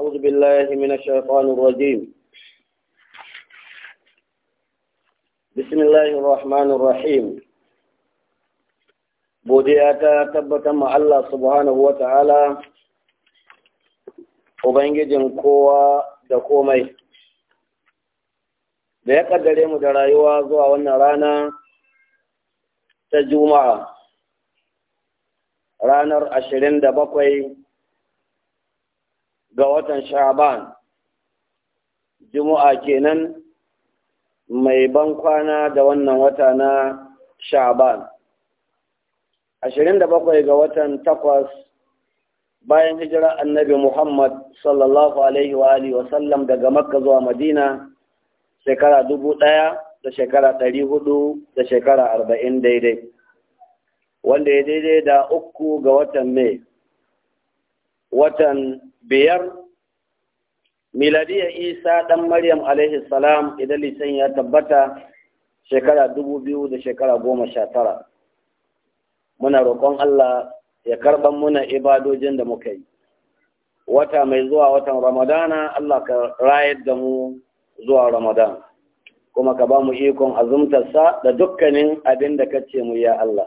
أعوذ بالله من الشيطان الرجيم بسم الله الرحمن الرحيم godiya ta tabbatar ma Allah subhanahu wa ta'ala, Ubangijin kowa da komai, da ya kaddare mu da rayuwa zuwa wannan rana ta Juma'a, ranar ashirin da bakwai ga watan sha'aban juma'a kenan mai ban kwana da wannan wata na sha'aban bakwai ga watan takwas bayan hijira annabi muhammad sallallahu alaihi wa alihi wa daga makka zuwa madina shekara dubu ɗaya da shekara dari hudu da shekara arba'in daidai wanda ya daidai da uku ga watan mai watan biyar miladiya isa Dan maryam alaihi salam idan lisan ya tabbata shekara dubu biyu da shekara goma sha tara muna roƙon allah ya karɓan muna ibadojin da muka yi wata mai zuwa watan ramadana allah ka rayar da mu zuwa ramadan kuma ka ba mu ikon azumtarsa da dukkanin abin da ka ce mu ya allah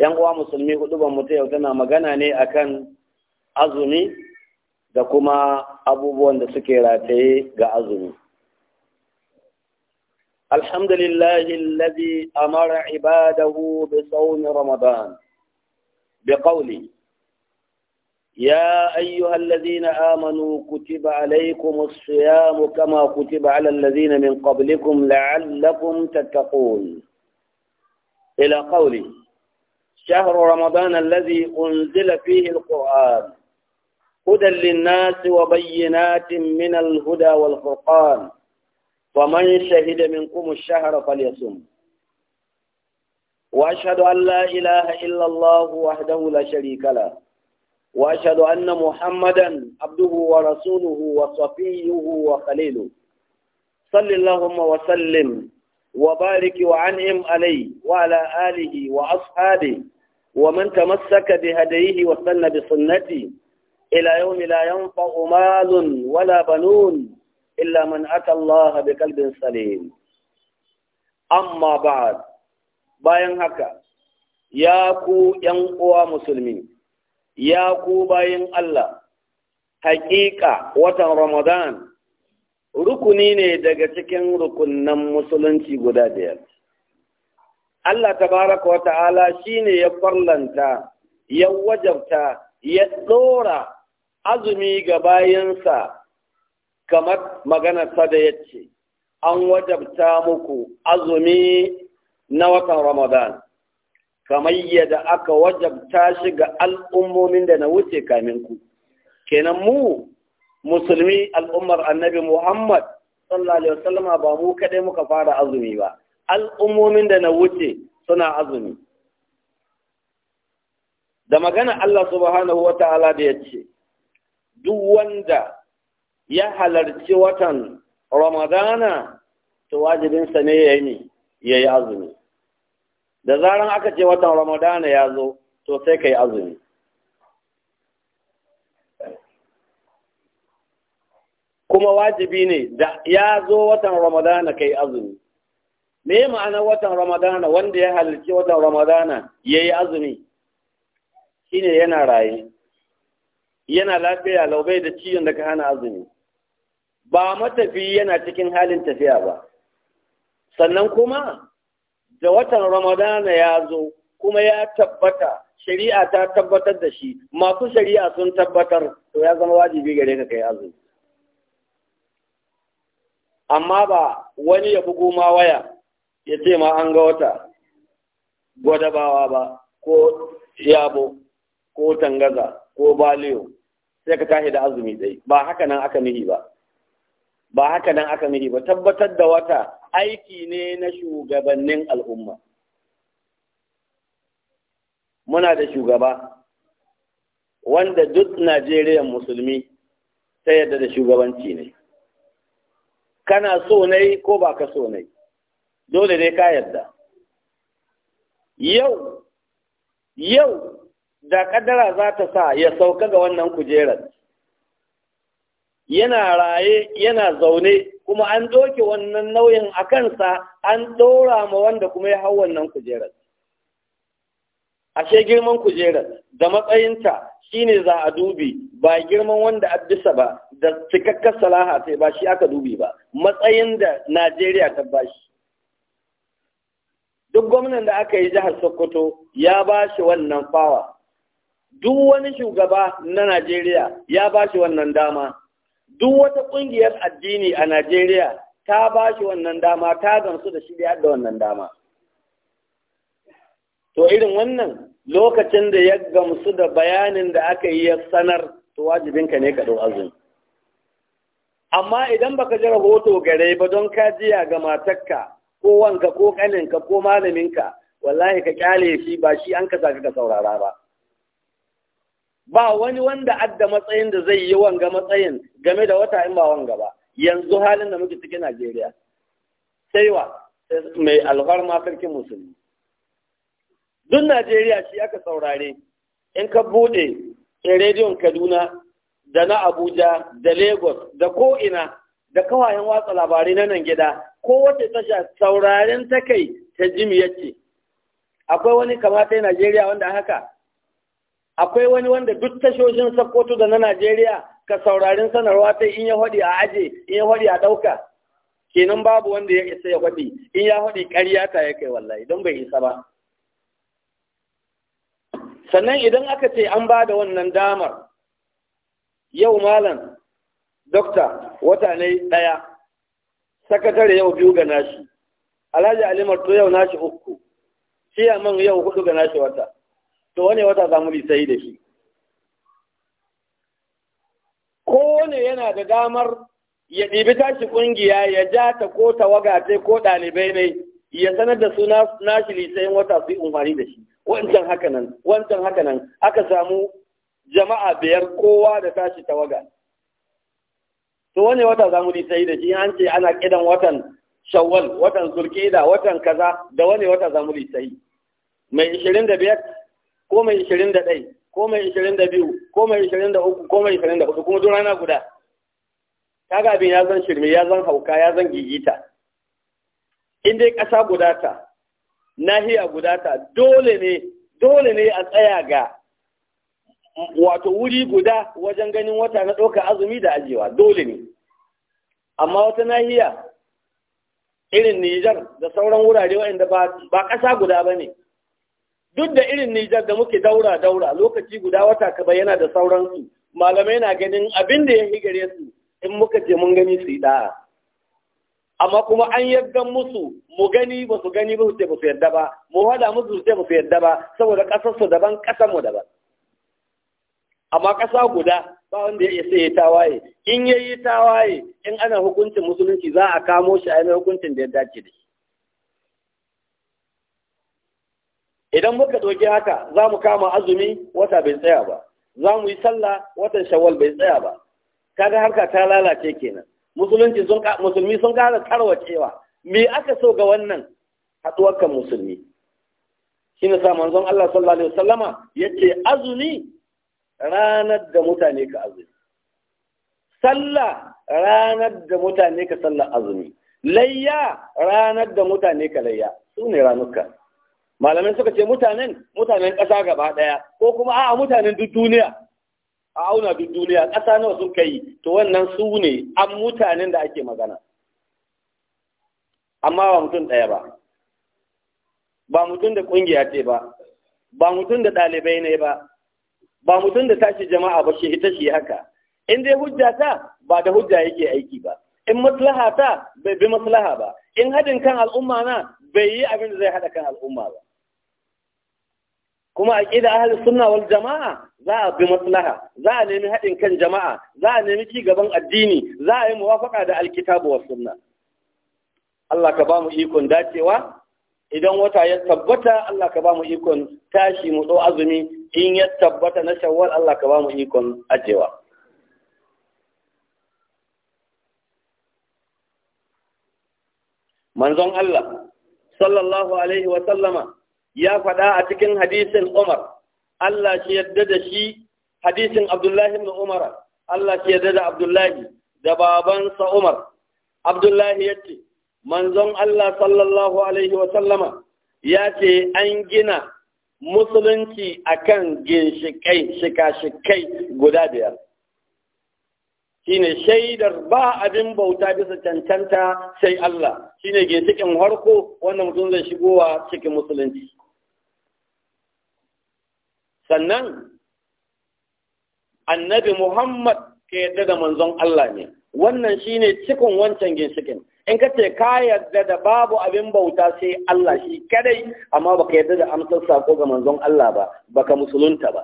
yan uwa musulmi hudu ban mutu yau tana magana ne akan azumi da kuma abubuwan da suke rataye ga azumi الحمد لله الذي أمر عباده بصوم رمضان بقوله يا أيها الذين آمنوا كتب عليكم الصيام كما كتب على الذين من قبلكم لعلكم تتقون إلى قوله شهر رمضان الذي أنزل فيه القرآن هدى للناس وبينات من الهدى والفرقان فمن شهد منكم الشهر فليصم وأشهد أن لا إله إلا الله وحده لا شريك له وأشهد أن محمدا عبده ورسوله وصفيه وخليله صل اللهم وسلم وبارك وعنهم عليه وعلى آله وأصحابه ومن تمسك بهديه وسن بسنته إلى يوم لا ينفع مال ولا بنون إلا من أتى الله بقلب سليم أما بعد bayan haka ya ku ‘yan uwa musulmi ya ku bayan Allah hakika watan Ramadan rukuni ne daga cikin rukunan musulunci guda biyar Allah tabaraka wa ta'ala ne ya farlanta ya wajabta ya ɗora azumi ga bayansa kamar maganarsa da yace An wajabta muku azumi na watan Ramadan, kamar yadda aka wajabta shi ga al'ummomin da na wuce kamin ku. Kenan mu, musulmi al'ummar annabi Muhammad, sallallahu Alaihi wasallam ba mu kaɗai muka fara azumi ba, al'ummomin da na wuce suna azumi. Da magana Allah subhanahu wa ta'ala da yace duk wanda ya halarci watan ramadana to wajibinsa ne ya yi ya azumi da zaran aka ce watan ramadana ya zo to sai ka yi azumi kuma wajibi ne da ya zo watan ramadana ka yi azumi me ma'ana watan ramadana wanda ya halarci watan ramadana ya yi azumi shine yana raye yana lafiya laubai da ciwon da hana azumi ba matafi yana cikin halin tafiya ba sannan kuma da watan ramadana ya zo kuma ya tabbata shari'a ta tabbatar da shi masu shari'a sun tabbatar to ya zama wajibi gare ka kai azumi amma ba wani ya bugu ma waya ya ce ma an ga wata bawa ba ko yabo ko tangaza ko baliyo sai ka tashi da azumi dai, ba haka nan aka mihi ba ba haka nan aka mihi ba tabbatar da wata aiki ne na shugabannin al'umma muna da shugaba wanda duk Najeriya musulmi ta yadda da shugabanci ne kana so ne ko ba ka so ne dole dai ka yadda yau yau da ƙadara za ta sa ya sauka ga wannan kujerar yana raye yana zaune kuma an doke wannan nauyin a kansa an ɗora ma wanda kuma ya hau wannan kujerar ashe girman kujerar da matsayinta shine za a dubi ba girman wanda addisa ba da cikakkar salaha sai ba shi aka dubi ba matsayin da najeriya ta bashi duk gwamnan da aka yi jihar sokoto ya ba shi wannan fawa duk wani shugaba na Najeriya ya ba shi wannan dama duk wata ƙungiyar addini a Najeriya ta ba shi wannan dama ta gamsu da shi da wannan dama to irin wannan lokacin da ya gamsu da bayanin da aka yi ya sanar to wajibinka ne ka azumi amma idan baka ji rahoto gare ba don ka jiya ga matarka ko wanka ko kaninka ko malaminka wallahi ka kyale shi ba shi an ka saka ka saurara ba ba wani wanda adda matsayin da zai yi wanga matsayin game da wata in ba wanga ba yanzu halin da muke cikin Najeriya sai wa mai alfarma sarkin musulmi duk Najeriya shi aka saurare in ka bude rediyon Kaduna da na Abuja da Lagos da ko ina da kawayen watsa labarai na nan gida ko wata tasha sauraren ta kai ta jimi yace akwai wani kamata Najeriya wanda haka akwai wani wanda duk tashoshin sakkwato da na Najeriya ka saurarin sanarwa ta in ya hodi a aje in ya hodi a ɗauka kenan babu wanda ya isa ya hodi in ya hodi ƙarya ta ya kai wallahi don bai isa ba sannan idan aka ce an ba da wannan damar yau malam dokta wata ne ɗaya sakatare yau biyu ga nashi alhaji alimar to yau nashi uku ciyaman yau hudu ga nashi wata to wane wata za mu sai da shi Ko ne yana da damar ya ɗibi tashi ƙungiya ya ja ta ko tawaga sai ko ɗalibai ne ya sanar da su nashi lisayin wata su yi umarni da shi wancan hakanan wancan hakanan aka samu jama'a biyar kowa da tashi tawaga to wane wata za mu sai da shi an ce ana kidan watan shawwal watan zulkida watan kaza da wane wata za mu sai mai ishirin da biyar ko mai ishirin da ɗai ko mai ishirin da biyu ko mai ishirin da uku ko mai ishirin da hudu kuma duk rana guda kaga abin ya zan shirme ya zan hauka ya zan gigita in dai ƙasa guda ta nahiya guda ta dole ne dole ne a tsaya ga wato wuri guda wajen ganin wata na ɗauka azumi da ajewa dole ne amma wata nahiya irin Nijar da sauran wurare waɗanda ba ƙasa guda ba ne duk da irin Nijar da muke daura daura lokaci guda wata kaba yana da sauransu malamai na ganin abin da ya yi gare su in muka ce mun gani su yi da'a amma kuma an yarda musu mu gani ba su gani ba su ce ba su yadda ba mu hada musu su ce ba su yadda ba saboda ƙasar su daban ƙasar mu daban amma ƙasa guda ba wanda ya isa ya tawaye in ya yi tawaye in ana hukuncin musulunci za a kamo shi a yi hukuncin da ya dace da shi idan muka ɗauki haka za mu kama azumi wata bai tsaya ba za mu yi sallah watan shawwal bai tsaya ba kaga harka ta lalace kenan musulunci sun musulmi sun kara tarwacewa me aka so ga wannan haɗuwar kan musulmi shine sa manzon Allah sallallahu alaihi wasallama yace azumi ranar da mutane ka azumi sallah ranar da mutane ka sallah azumi layya ranar da mutane ka layya su ne ranuka malamai suka ce mutanen mutanen ƙasa gaba ɗaya ko kuma a mutanen duk duniya a auna duk duniya ƙasa nawa sun kai to wannan su ne an mutanen da ake magana amma ba mutum ɗaya ba ba mutum da ƙungiya ce ba ba mutum da ɗalibai ne ba ba mutum da tashi jama'a ba shi ita shi haka in dai hujja ta ba da hujja yake aiki ba in maslaha ta bai bi maslaha ba in haɗin kan al'umma na bai yi abin da zai haɗa kan al'umma ba kuma aqida ahlus sunna wal jama'a za a bi maslaha za a nemi haɗin kan jama'a za a nemi ci gaban addini za a yi muwafaka da alkitabu was sunna Allah ka ba mu ikon dacewa idan wata ya tabbata Allah ka ba mu ikon tashi mu ɗau azumi in ya tabbata na shawwal Allah ka ba mu ikon ajewa manzon Allah sallallahu alaihi wa sallama ya faɗa a cikin hadisin Umar Allah shi yadda da shi hadisin Abdullahi ibn Umar Allah shi yadda da Abdullahi da babansa Umar Abdullahi yace manzon Allah sallallahu alaihi wa sallama ya ce an gina musulunci akan ginshikai shika-shikai guda biyar shine shaidar ba abin bauta bisa cancanta sai Allah shine ginshikin harko wanda mutum zai shigowa cikin musulunci sannan annabi Muhammad ka yadda da manzon Allah ne wannan shi ne cikin wancan ginshikin in ka ce ka yadda da babu abin bauta sai Allah shi kadai amma ba ka yadda da amsar sako ga manzon Allah ba ba ka musulunta ba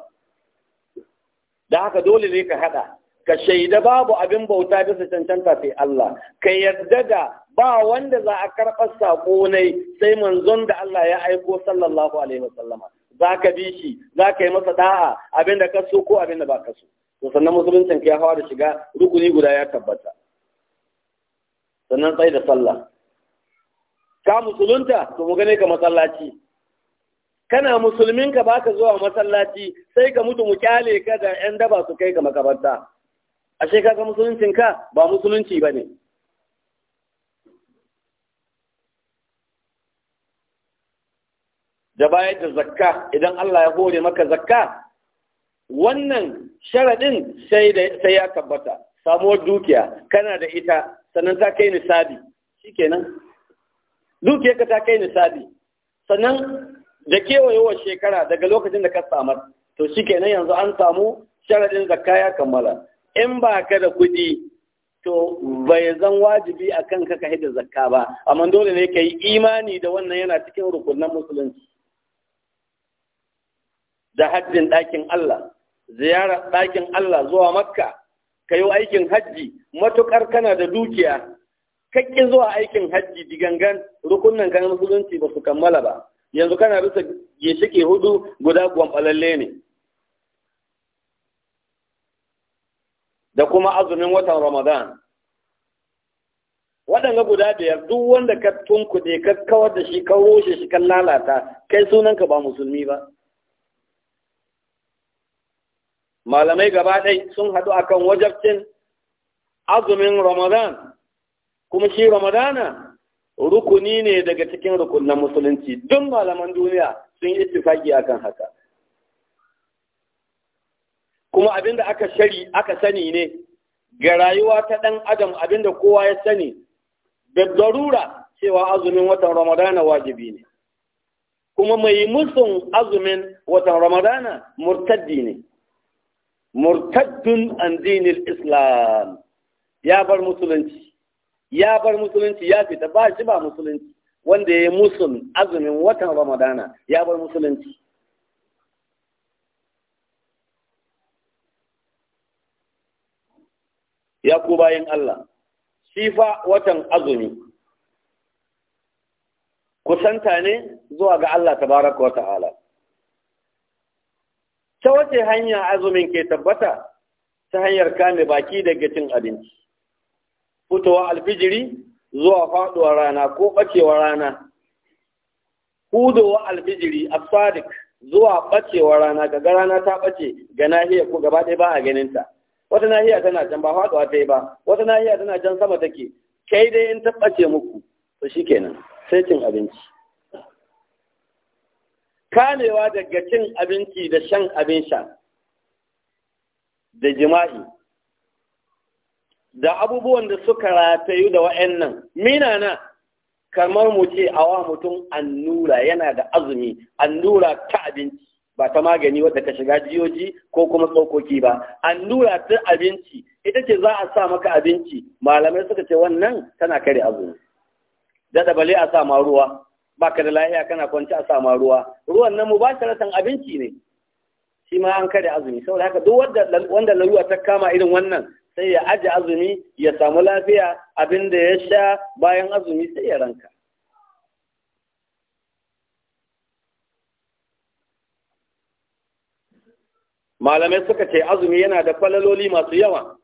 da haka dole ne ka haɗa ka shaida babu abin bauta bisa cancanta sai Allah ka yadda da ba wanda za a karɓar sako ne sai manzon da Allah ya aiko sallallahu alaihi wasallama za ka bi shi za ka yi masa da'a abinda ka so ko abinda ba ka so sannan musuluncin ka ya hawa da shiga rukuni guda ya tabbata sannan tsaye da sallah ka musulunta to mu gane ka masallaci kana musulmin ka baka zuwa masallaci sai ka mutu mu kyale ka da yan daba su kai ka makabarta ashe ga musuluncin ka ba musulunci ba ne. da bayar da zakka idan Allah ya hore maka zakka wannan sharaɗin sai ya tabbata samuwar dukiya kana da ita sannan ta kai nisabi shikenan ka ta kai nisabi sannan da wayewar shekara daga lokacin da ka samar to shikenan yanzu an samu sharaɗin zakka ya kammala in ba ka da kuɗi to bai zan wajibi a kan ka hidda zakka ba amma dole ne ka yi imani da wannan yana cikin rukunan musulunci da hajjin ɗakin Allah ziyarar ɗakin Allah zuwa makka ka yi aikin hajji matuƙar kana da dukiya kakki zuwa aikin hajji digangan rukunan kan musulunci ba su kammala ba yanzu kana bisa ginshiki hudu guda gwamfalalle ne da kuma azumin watan ramadan waɗanga guda biyar duk wanda ka tunkuɗe ka kawar da shi ka roshe shi kan lalata kai sunanka ba musulmi ba malamai gaba ɗai sun haɗu kan wajabcin azumin ramadan kuma shi ramadana rukuni ne daga cikin rukunan musulunci duk malaman duniya sun yi a akan haka kuma abinda aka shari aka sani ne ga rayuwa ta ɗan adam abinda kowa ya sani da darura cewa azumin watan ramadana wajibi ne kuma mai musun azumin watan ramadana murtaddi ne murtaddun an dinil islam ya bar musulunci ya bar musulunci ya fita ba shi ba musulunci wanda ya yi musul azumin watan ramadana ya bar musulunci ya ku bayan Allah shi fa watan azumi kusanta ne zuwa ga Allah tabaraka wa ta'ala ta wace hanya azumin ke tabbata ta hanyar kame baki daga cin abinci fitowa alfijiri zuwa faduwar rana ko bacewar rana hudowa alfijiri sadik zuwa bacewar rana kaga rana ta bace ga nahiya ko gaba ɗaya ba a ganinta wata nahiya tana can ba faduwa ta yi ba wata nahiya tana can sama take kai dai in ta bace muku to shikenan sai cin abinci kamewa daga cin abinci da shan abin sha da jima'i da abubuwan da suka ratayu da wa'annan minana kamar mu ce awa mutum annura yana da azumi annura ta abinci ba ta magani wadda ka shiga jiyoji ko kuma tsokoki ba annura ta abinci ita ce za a sa maka abinci malamai suka ce wannan tana kare azumi da bale a sa ma ruwa baka da lahiya kana kwanci a sama ruwa ruwan nan mubasharatan abinci ne shi ma an kada azumi saboda haka duk wanda wanda ta kama irin wannan sai ya aje azumi ya samu lafiya abin da ya sha bayan azumi sai ya ranka malamai suka ce azumi yana da falaloli masu yawa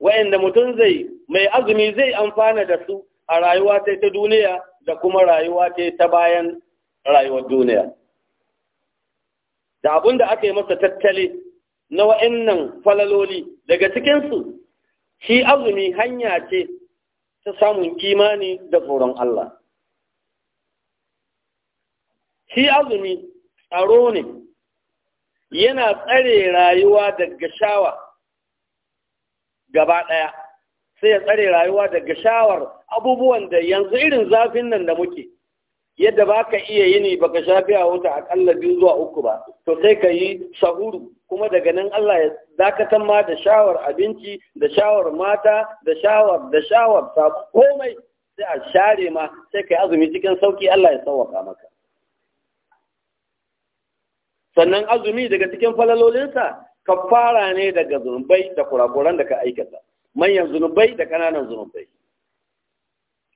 wa'anda mutum zai mai azumi zai amfana da su a rayuwa ta ta duniya da kuma rayuwa ta ta bayan rayuwar duniya da abin da aka yi masa tattali na wa'annan falaloli daga cikinsu shi azumi hanya ce ta samun kimani da tsoron Allah shi azumi tsaro ne yana tsare rayuwa daga shawa gaba ɗaya sai ya tsare rayuwa daga shawar abubuwan da yanzu irin zafin nan da muke yadda ba ka iya yini ba ka shafi a wuta akalla biyu zuwa uku ba to sai ka yi sahuru kuma daga nan Allah ya dakatar ma da shawar abinci da shawar mata da shawar da shawar sabu komai sai a share ma sai ka yi azumi cikin sauki Allah ya sauwaka maka sannan azumi daga cikin falalolinsa ka fara ne daga zunubai da kurakuran da ka aikata manyan zunubai da kananan zunubai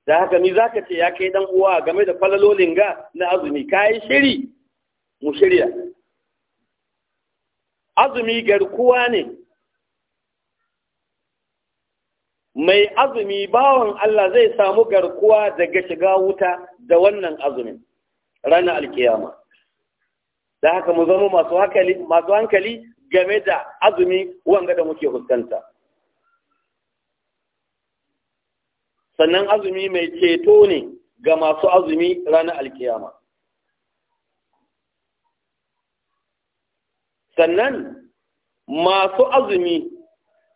da haka ni za ka ce ya kai dan uwa game da falalolin ga na azumi ka yi shiri mu shirya azumi garkuwa ne mai azumi bawan Allah zai samu garkuwa daga shiga wuta da wannan azumin rana alkiyama da haka mu zama masu hankali game da azumi wanga da muke fuskanta sannan azumi mai ceto ne ga masu azumi ranar alkiyama sannan masu azumi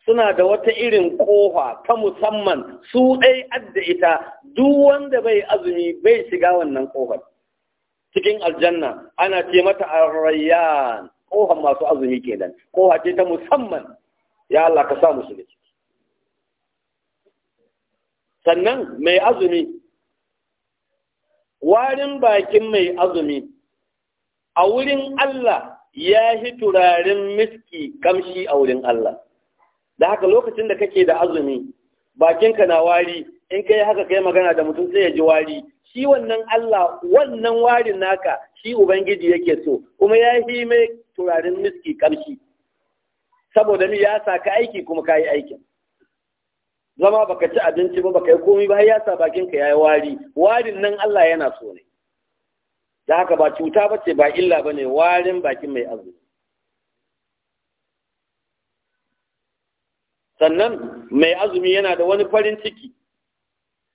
suna da wata irin ƙofa ta musamman su ɗai adda ita duk wanda bai azumi bai shiga wannan ƙofar cikin aljanna ana ce mata rayyan ƙofar masu azumi kenan ƙofa ce ta musamman ya Allah ka sa musu sannan mai azumi warin bakin mai azumi a wurin Allah ya yi turaren miski kamshi a wurin Allah da haka lokacin da kake da azumi bakinka na wari in kai haka kai magana da mutum sai ya ji wari shi wannan Allah wannan warin naka shi ubangiji yake so kuma ya yi mai turaren miski kamshi saboda ni ya saka aiki kuma ka yi aikin zama baka ci abinci ba baka yi komai ba ya sa bakin ka yayi wari warin nan Allah yana so ne da haka ba cuta bace ba illa bane warin bakin mai azumi sannan mai azumi yana da wani farin ciki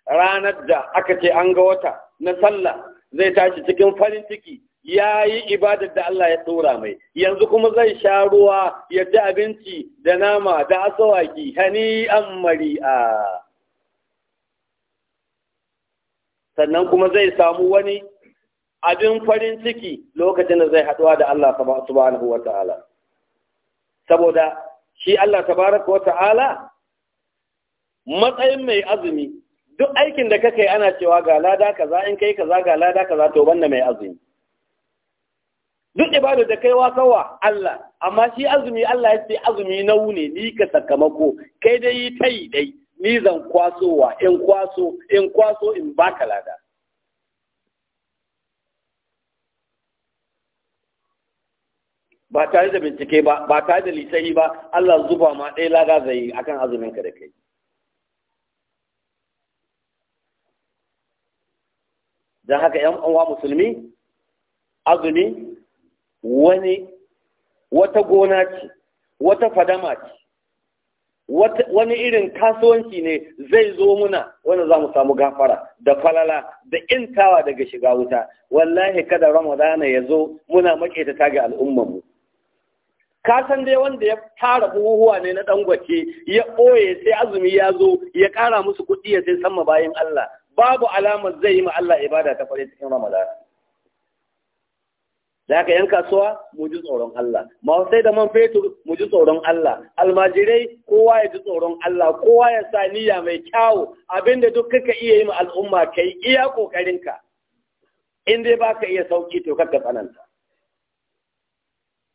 ranar da aka ce an ga wata na sallah zai tashi cikin farin ciki ya yi ibadar da Allah ya ɗora mai yanzu kuma zai sha ruwa ya ci abinci da nama da asawaki hani an mari'a sannan kuma zai samu wani abin farin ciki lokacin da zai haɗuwa da Allah subhanahu wa ta'ala saboda shi Allah tabaraka wa ta'ala matsayin mai azumi duk aikin da kake ana cewa ga lada kaza in kai kaza ga lada kaza to banda mai azumi duk ibada da kai wakawa Allah amma shi azumi Allah ya ce azumi na wune ni ka sakamako kai dai ta yi dai ni zan kwasowa in kwaso in kwaso in baka lada ba tare da bincike ba ba tare da lisani ba Allah zuba ma ɗaya lada zai a akan azumin ka da kai don haka ‘yan uwa musulmi azumi wani wata gona ce wata fadama ce wani irin kasuwanci ne zai zo muna wanda za mu samu gafara da falala da intawa daga shiga wuta wallahi kada ramadana ya zo muna maƙeta ta ga al'ummanmu ka san dai wanda ya fara buhuhuwa ne na dangwace ya ɓoye sai azumi ya zo ya ƙara musu kuɗi ya sai sama bayan Allah babu alamar zai yi ma Allah ibada ta fare cikin ramadana da ka yan kasuwa mu ji tsoron Allah mawasai da man fetur mu ji tsoron Allah almajirai kowa ya ji tsoron Allah kowa ya sa niyya mai kyawu abinda duk kaka iya yi ma al'umma kai iya kokarinka in dai baka iya sauki to kaka tsananta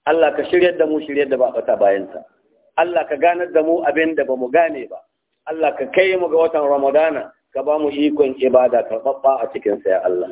Allah ka shiryar da mu shiryar da ba bata Allah ka ganar da mu abin da bamu gane ba Allah ka kai mu ga watan Ramadana ka ba mu ikon ibada karɓaɓɓa a cikinsa ya Allah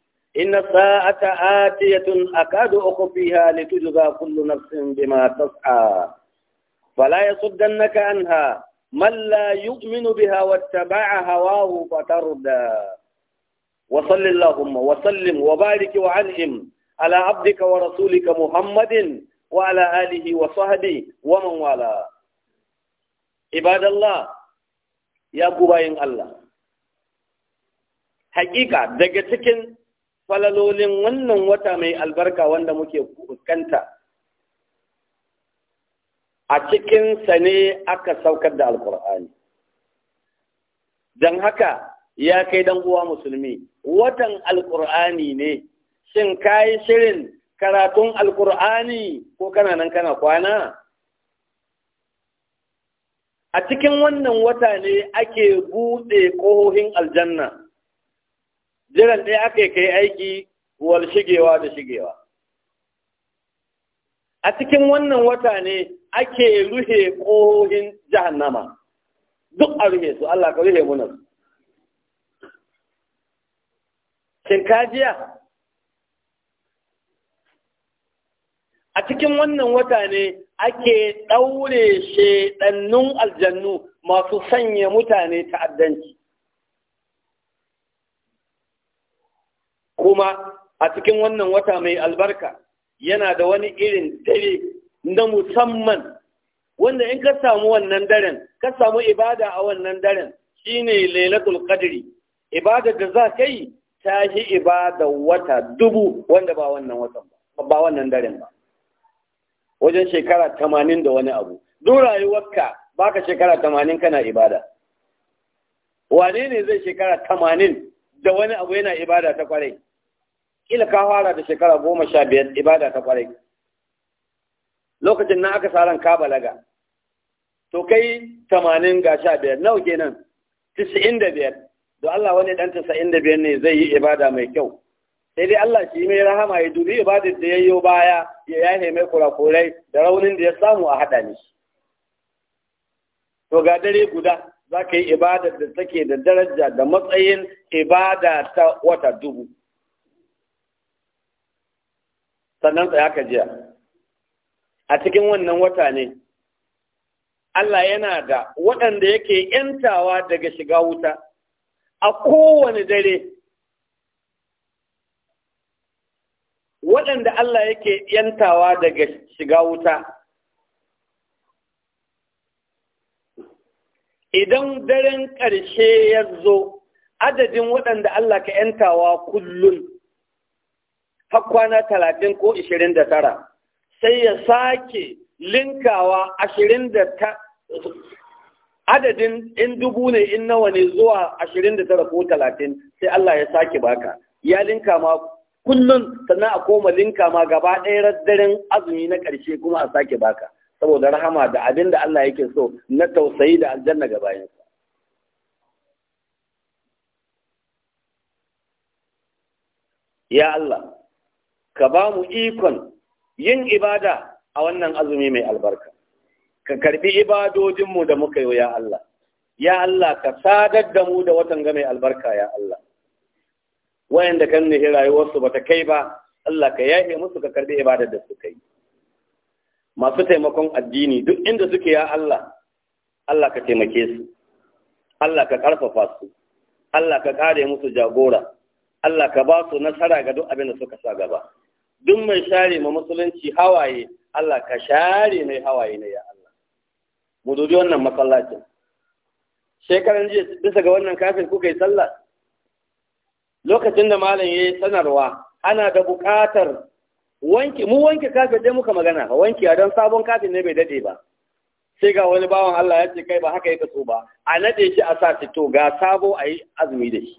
إن الساعة آتية أكاد أخفيها لتجزى كل نفس بما تسعى فلا يصدنك عنها من لا يؤمن بها واتبع هواه فتردى وصل اللهم وسلم وبارك وعنهم على عبدك ورسولك محمد وعلى آله وصحبه ومن والاه عباد الله يا قبائن الله حقيقة دقتكن falalolin wannan wata mai albarka wanda muke fuskanta a cikinsa ne aka saukar da alkur'ani dan haka ya kai dan uwa musulmi watan alkur'ani ne shin kayi shirin karatun alkur'ani ko kana nan kana kwana a cikin wannan wata ne ake buɗe ƙohohin aljanna jiran ɗaya aka kai aiki wal shigewa da shigewa a cikin wannan wata ne ake ruhe ƙohohin jahannama duk a ruhe su Allah ka ruhe muna Shinkajiya, a cikin wannan wata ne ake ɗaure shaɗannun aljannu masu sanya mutane ta'addanci kuma a cikin wannan wata mai albarka yana da wani irin dare na musamman wanda in ka samu wannan daren ka samu ibada a wannan daren shine lailatul qadri ibada da za ka yi ta yi ibada wata dubu wanda ba wannan watan ba ba wannan daren ba wajen shekara tamanin da wani abu duk rayuwarka baka shekara tamanin kana ibada wane ne zai shekara tamanin da wani abu yana ibada ta kwarai ila ka fara da shekara goma sha biyar ibada ta kwarai lokacin na aka sa ka balaga to kai tamanin ga sha biyar nawa kenan tisa'in da biyar da Allah wani dan tisa'in da biyar ne zai yi ibada mai kyau sai dai Allah shi mai rahama ya dubi ibadar da ya yi baya ya yahe mai kurakurai da raunin da ya samu a haɗa ne to ga dare guda za ka yi ibadar da take da daraja da matsayin ibada ta wata dubu sannan tsaya ka jiya a cikin wannan wata ne Allah yana da waɗanda yake ‘yantawa daga shiga wuta a kowane dare, waɗanda Allah yake ‘yantawa daga shiga wuta. Idan daren ƙarshe ya zo, adadin waɗanda Allah ka ‘yantawa kullum har kwana talatin ko ishirin da tara sai ya sake linkawa ashirin da ta adadin in dubu ne in nawa ne zuwa ashirin da tara ko talatin sai Allah ya sake baka ya linka ma kullum sannan a koma linka ma gaba ɗaya daren azumi na ƙarshe kuma a sake baka saboda rahama da abin da Allah yake so na tausayi da aljanna ga bayansa ya Allah ka ba mu ikon yin ibada a wannan azumi mai albarka ka karbi ibadojinmu da muka yi ya Allah ya Allah ka sadar da mu da watan ga mai albarka ya Allah wayanda kan ne rayuwarsu ta kai ba Allah ka yaye musu ka karbi ibadar da suka yi masu taimakon addini duk inda suke ya Allah Allah ka taimake su Allah ka ƙarfafa su Allah ka kare musu jagora Allah ka ba su nasara ga duk abin da suka sa gaba duk mai share ma musulunci hawaye Allah ka share mai hawaye ne ya Allah mu dubi wannan masallacin shekaran jiya bisa ga wannan kafin kuka yi sallah lokacin da malam yayi sanarwa ana da buƙatar wanki mu wanke kafin dai muka magana ba wanki a don sabon kafin ne bai dade ba sai ga wani bawan Allah ya ce kai ba haka yake so ba a nade shi a sa fito ga sabo a yi azumi da shi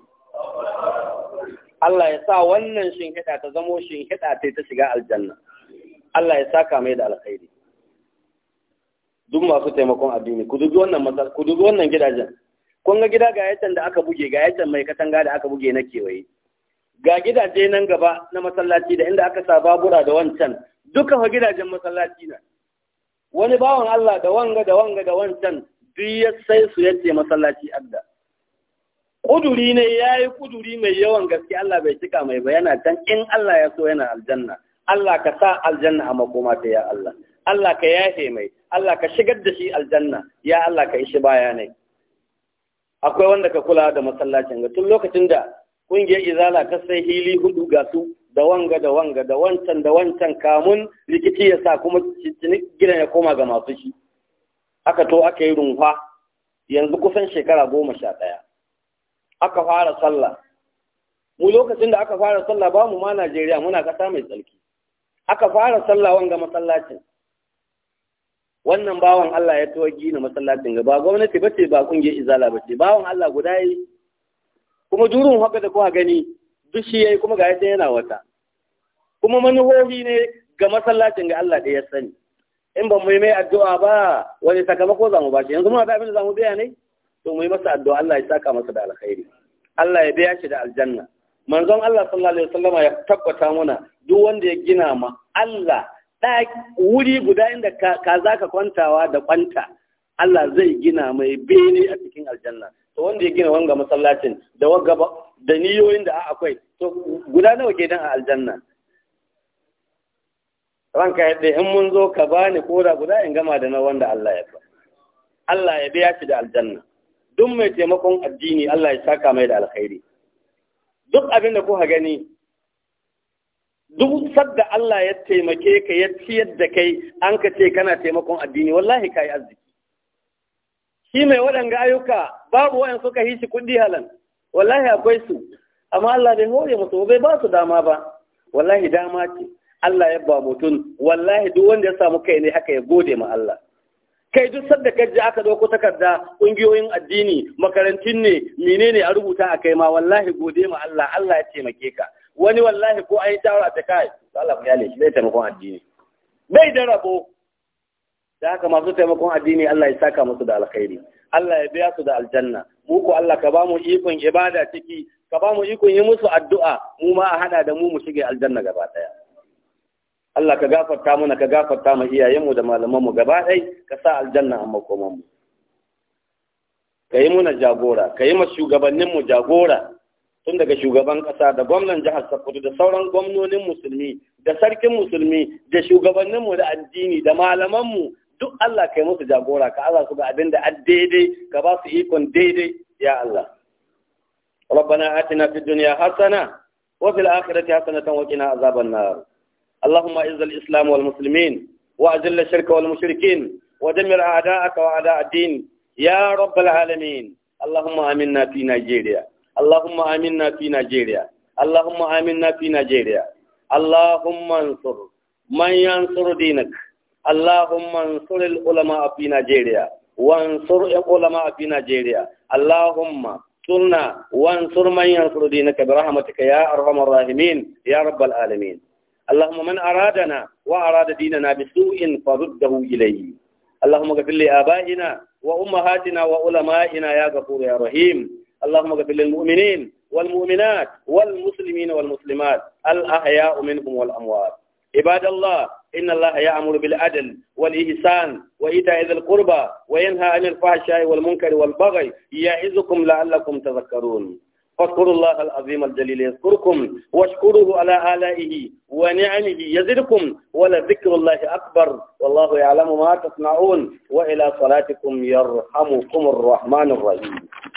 Allah ya sa wannan shinhiɗa ta zamo shinhiɗa ta ta shiga aljanna Allah ya saka mai da alkhairi duk masu taimakon addini ku dubi wannan matsal ku dubi wannan gidajen kun ga gida ga yatan da aka buge ga yatan mai katanga da aka buge na kewaye ga gidaje nan gaba na masallaci da inda aka sa babura da wancan duka fa gidajen masallaci na wani bawan Allah da wanga da wanga da wancan duk ya sai su yace masallaci adda Kuduri ne ya yi kuduri mai yawan gaske Allah bai cika mai bayana can in Allah ya so yana aljanna. Allah ka sa aljanna a makoma ta ya Allah. Allah ka yafe mai, Allah ka shigar da shi aljanna, ya Allah ka ishi baya ne. Akwai wanda ka kula da masallacin ga tun lokacin da ƙungiyar izala ka sai hili hudu ga su da wanga da wanga da wancan da wancan kamun rikici ya sa kuma gidan ya koma ga masu shi. Aka to aka yi runfa yanzu kusan shekara goma sha ɗaya. aka fara sallah mu lokacin da aka fara sallah ba mu ma Najeriya muna kasa mai tsarki aka fara sallah wanga masallacin wannan bawan Allah ya tuwa gina masallacin ga ba gwamnati ba ce ba kungiyar izala ba ce bawan Allah guda yi kuma durin haka da kuka gani duk shi yayi kuma ga yadda yana wata kuma manuhohi ne ga masallacin ga Allah da ya sani in ba mu yi mai addu'a ba wani sakamako za mu ba shi yanzu muna da abin da za mu biya ne to mu yi masa addu'a Allah ya saka masa da alkhairi Allah ya biya shi da aljanna manzon Allah sallallahu alaihi wasallama ya tabbata muna duk wanda ya gina ma Allah wuri guda inda ka za ka kwantawa da kwanta Allah zai gina mai bene a cikin aljanna to wanda ya gina wanga masallacin da wanga da niyoyin da akwai to guda nawa ke dan a aljanna ranka yadda in mun zo ka bani koda guda in gama da na wanda Allah ya fa Allah ya biya shi da aljanna duk mai taimakon addini Allah ya saka mai da alkhairi duk abin da kuka gani duk sadda Allah ya taimake ka ya ciyar da kai an ka ce kana taimakon addini wallahi kai arziki shi mai waɗanga ayyuka babu wayan suka yi shi kuɗi halan wallahi akwai su amma Allah bai hore musu bai ba su dama ba wallahi dama ce Allah ya ba mutum wallahi duk wanda ya samu kai ne haka ya gode ma Allah kai duk sanda ka ji aka dauko takarda kungiyoyin addini makarantun ne menene a rubuta a kai ma wallahi gode ma Allah Allah ya taimake ka wani wallahi ko ayi tawara ta kai Allah ya ne bai taimakon addini bai da rabo da haka masu taimakon addini Allah ya saka musu da alkhairi Allah ya biya su da aljanna mu ko Allah ka ba mu ikon ibada ciki ka ba mu ikon yi musu addu'a mu ma a hada da mu mu shige aljanna gaba daya Allah ka gafarta mana ka gafarta ma iyayenmu da malamanmu gaba ɗai ka sa aljanna a makomanmu ka yi muna jagora ka yi ma shugabanninmu jagora tun daga shugaban ƙasa da gwamnan jihar Sokoto da sauran gwamnonin musulmi da sarkin musulmi da shugabanninmu da addini da malamanmu duk Allah ka yi musu jagora ka aza su ga abin da daidai ka ba su ikon daidai ya Allah ربنا آتنا في الدنيا حسنة وفي الآخرة حسنة وقنا عذاب النار اللهم اعز الإسلام والمسلمين وأذل الشرك والمشركين ودمر أعداءك وأعداء الدين يا رب العالمين اللهم آمنا في نيجيريا اللهم آمنا في نيجيريا اللهم آمنا في نيجيريا اللهم انصر من ينصر دينك اللهم انصر العلماء في نيجيريا وانصر العلماء في نيجيريا اللهم انصرنا وانصر من ينصر دينك برحمتك يا أرحم الراحمين يا رب العالمين اللهم من أرادنا وأراد ديننا بسوء فرده إليه اللهم اغفر لآبائنا وأمهاتنا وعلمائنا يا غفور يا رحيم اللهم اغفر للمؤمنين والمؤمنات والمسلمين والمسلمات الأحياء منهم والأموات عباد الله إن الله يأمر بالعدل والإحسان وإيتاء ذي القربى وينهى عن الفحشاء والمنكر والبغي يعظكم لعلكم تذكرون فاذكروا الله العظيم الجليل يذكركم واشكروه على آلائه ونعمه يزدكم ولذكر الله أكبر والله يعلم ما تصنعون وإلى صلاتكم يرحمكم الرحمن الرحيم